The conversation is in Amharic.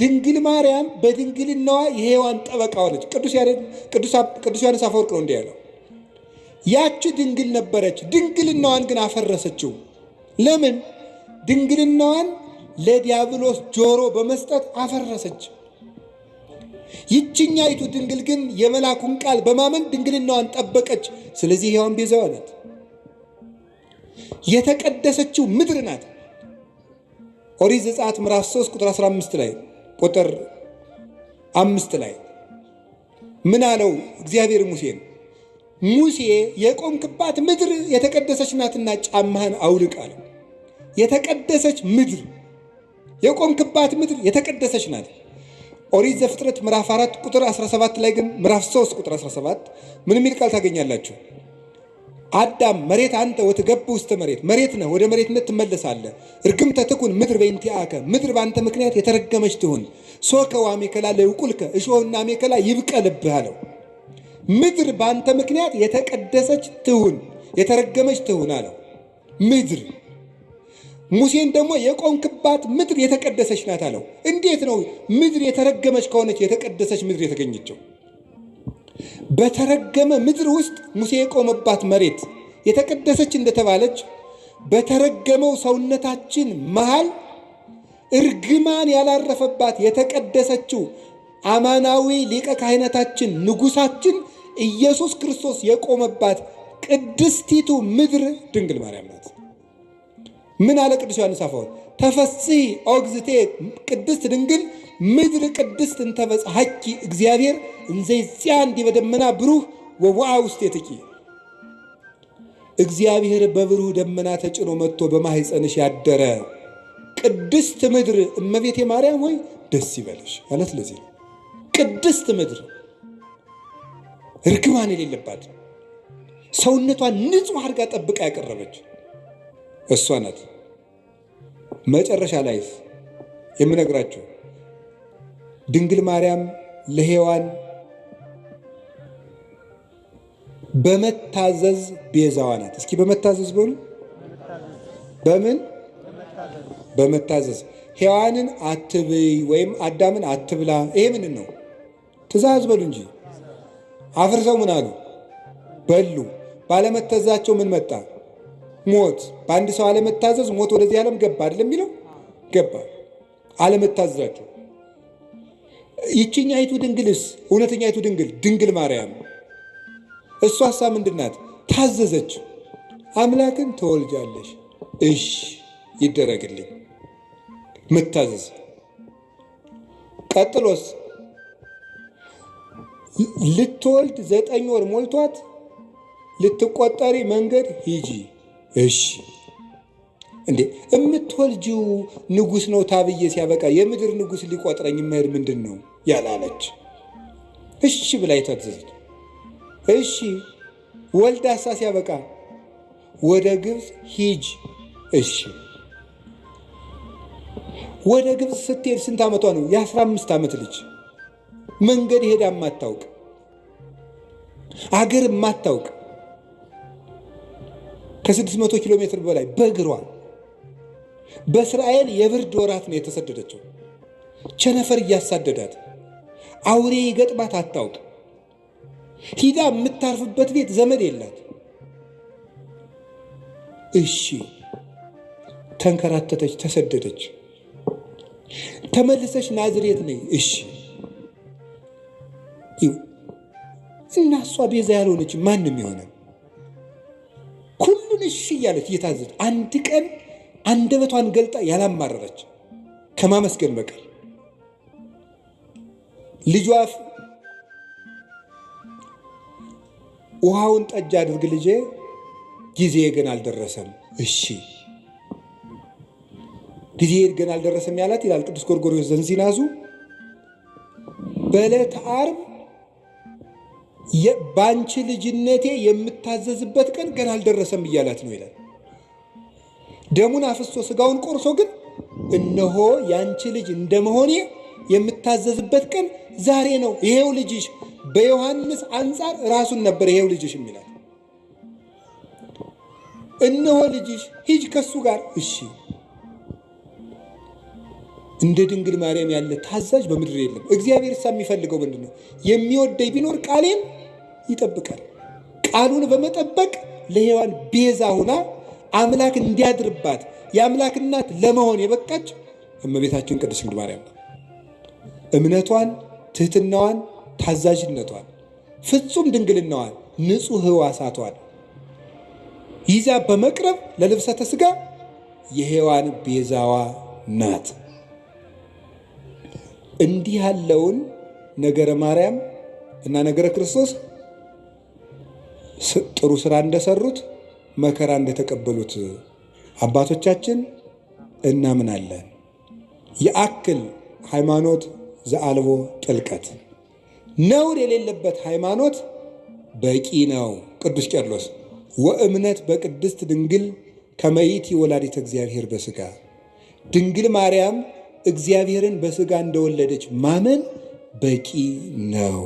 ድንግል ማርያም በድንግልናዋ የሔዋን ጠበቃ ሆነች። ቅዱስ ዮሐንስ አፈወርቅ ነው እንዲህ ያለው። ያቺ ድንግል ነበረች፣ ድንግልናዋን ግን አፈረሰችው። ለምን? ድንግልናዋን ለዲያብሎስ ጆሮ በመስጠት አፈረሰች። ይችኛይቱ ድንግል ግን የመላኩን ቃል በማመን ድንግልናዋን ጠበቀች። ስለዚህ ሕያዋን ቤዛዋ ናት። የተቀደሰችው ምድር ናት። ኦሪት ዘጸአት ምዕራፍ 3 ቁጥር 15 ላይ ቁጥር አምስት ላይ ምን አለው እግዚአብሔር ሙሴን? ሙሴ የቆምክባት ምድር የተቀደሰች ናትና ጫማህን አውልቅ አለው። የተቀደሰች ምድር የቆምክባት ምድር የተቀደሰች ናት። ኦሪት ዘፍጥረት ምዕራፍ 4 ቁጥር 17 ላይ ግን ምዕራፍ 3 ቁጥር 17 ምን የሚል ቃል ታገኛላችሁ? አዳም መሬት አንተ ወትገብ ውስጥ መሬት መሬት ነህ፣ ወደ መሬትነት ትመለሳለህ። እርግም ተትኩን ምድር በእንቲአከ ምድር በአንተ ምክንያት የተረገመች ትሁን። ሶከ ዋሜከላ ለውቁልከ እሾህና ሜከላ ይብቀልብህ አለው። ምድር በአንተ ምክንያት የተቀደሰች ትሁን፣ የተረገመች ትሁን አለው። ምድር ሙሴን ደግሞ የቆምክባት ምድር የተቀደሰች ናት አለው። እንዴት ነው ምድር የተረገመች ከሆነች የተቀደሰች ምድር የተገኘችው? በተረገመ ምድር ውስጥ ሙሴ የቆመባት መሬት የተቀደሰች እንደተባለች በተረገመው ሰውነታችን መሃል እርግማን ያላረፈባት የተቀደሰችው አማናዊ ሊቀ ካህነታችን ንጉሳችን ኢየሱስ ክርስቶስ የቆመባት ቅድስቲቱ ምድር ድንግል ማርያም ናት። ምን አለ ቅዱስ ዮሐንስ አፈወርቅ? ተፈሥሒ ኦግዝቴ ቅድስት ድንግል ምድር ቅድስት እንተበጽ ሐኪ እግዚአብሔር እንዘይዚያ እንዲህ በደመና ብሩህ ወውአ ውስጥ የትቂ እግዚአብሔር በብሩህ ደመና ተጭኖ መጥቶ በማህፀንሽ ያደረ ቅድስት ምድር እመቤቴ ማርያም ሆይ ደስ ይበልሽ ማለት ለዚህ ነው። ቅድስት ምድር እርግማን የሌለባት ሰውነቷን ንጹሕ አድርጋ ጠብቃ ያቀረበች እሷ ናት። መጨረሻ ላይ የምነግራችሁ ድንግል ማርያም ለሔዋን በመታዘዝ ቤዛዋ ናት። እስኪ በመታዘዝ በሉ። በምን በመታዘዝ ሔዋንን አትብይ ወይም አዳምን አትብላ። ይሄ ምን ነው? ትእዛዝ በሉ እንጂ አፍርሰው ምን አሉ? በሉ። ባለመታዘዛቸው ምን መጣ? ሞት። በአንድ ሰው አለመታዘዝ ሞት ወደዚህ ዓለም ገባ አይደለም የሚለው ገባ አለመታዘዛቸው ይችኛ አይቱ ድንግልስ እውነተኛ አይቱ ድንግል ድንግል ማርያም እሷ ሳ ምንድናት? ታዘዘች። አምላክን ተወልጃለሽ፣ እሽ ይደረግልኝ ምታዘዝ ቀጥሎስ ልትወልድ ዘጠኝ ወር ሞልቷት ልትቆጠሪ መንገድ ሂጂ፣ እሺ እንዴ የምትወልጂው ንጉሥ ነው ታብዬ ሲያበቃ የምድር ንጉሥ ሊቆጥረኝ መሄድ ምንድን ነው ያላለች። እሺ ብላ የተዘዘች። እሺ ወልዳሳ ሲያበቃ ወደ ግብፅ ሂጅ። እሺ ወደ ግብፅ ስትሄድ ስንት ዓመቷ ነው? የአስራ አምስት ዓመት ልጅ መንገድ ሄዳ የማታውቅ አገር የማታውቅ ከስድስት መቶ ኪሎ ሜትር በላይ በእግሯ በእስራኤል የብርድ ወራት ነው የተሰደደችው። ቸነፈር እያሳደዳት አውሬ ይገጥማት አታውቅ። ሂዳ የምታርፍበት ቤት ዘመድ የላት። እሺ ተንከራተተች፣ ተሰደደች። ተመልሰች ናዝሬት ነኝ። እሺ እና እሷ ቤዛ ያልሆነች ማንም የሆነ ሁሉን እሺ እያለች እየታዘች አንድ ቀን አንደበቷን ገልጣ ያላማረረች ከማመስገን በቀር ልጇ ውሃውን ጠጅ አድርግ ልጄ፣ ጊዜ ግን አልደረሰም። እሺ ጊዜ ግን አልደረሰም ያላት ይላል ቅዱስ ጎርጎርዮስ ዘንዚናዙ። በዕለተ ዓርብ በአንቺ ልጅነቴ የምታዘዝበት ቀን ገና አልደረሰም እያላት ነው ይላል። ደሙን አፍሶ ስጋውን ቆርሶ ግን እነሆ ያንቺ ልጅ እንደመሆኔ የምታዘዝበት ቀን ዛሬ ነው፣ ይሄው ልጅሽ። በዮሐንስ አንጻር ራሱን ነበር ይሄው ልጅሽ የሚላት። እነሆ ልጅሽ፣ ሂጅ ከሱ ጋር እሺ። እንደ ድንግል ማርያም ያለ ታዛዥ በምድር የለም። እግዚአብሔር እሳ የሚፈልገው ምንድን ነው? የሚወደኝ ቢኖር ቃሌን ይጠብቃል። ቃሉን በመጠበቅ ለሔዋን ቤዛ ሁና አምላክ እንዲያድርባት የአምላክ እናት ለመሆን የበቃች እመቤታችን ቅድስት ድንግል ማርያም ነው። እምነቷን፣ ትህትናዋን፣ ታዛዥነቷን፣ ፍጹም ድንግልናዋን፣ ንጹሕ ህዋሳቷን ይዛ በመቅረብ ለልብሰተ ስጋ የሔዋን ቤዛዋ ናት። እንዲህ ያለውን ነገረ ማርያም እና ነገረ ክርስቶስ ጥሩ ስራ እንደሰሩት መከራ እንደተቀበሉት አባቶቻችን እናምናለን። የአክል ሃይማኖት ዘአልቦ ጥልቀት ነውር የሌለበት ሃይማኖት በቂ ነው። ቅዱስ ቄርሎስ ወእምነት በቅድስት ድንግል ከመይት ወላዲት እግዚአብሔር በስጋ ድንግል ማርያም እግዚአብሔርን በስጋ እንደወለደች ማመን በቂ ነው።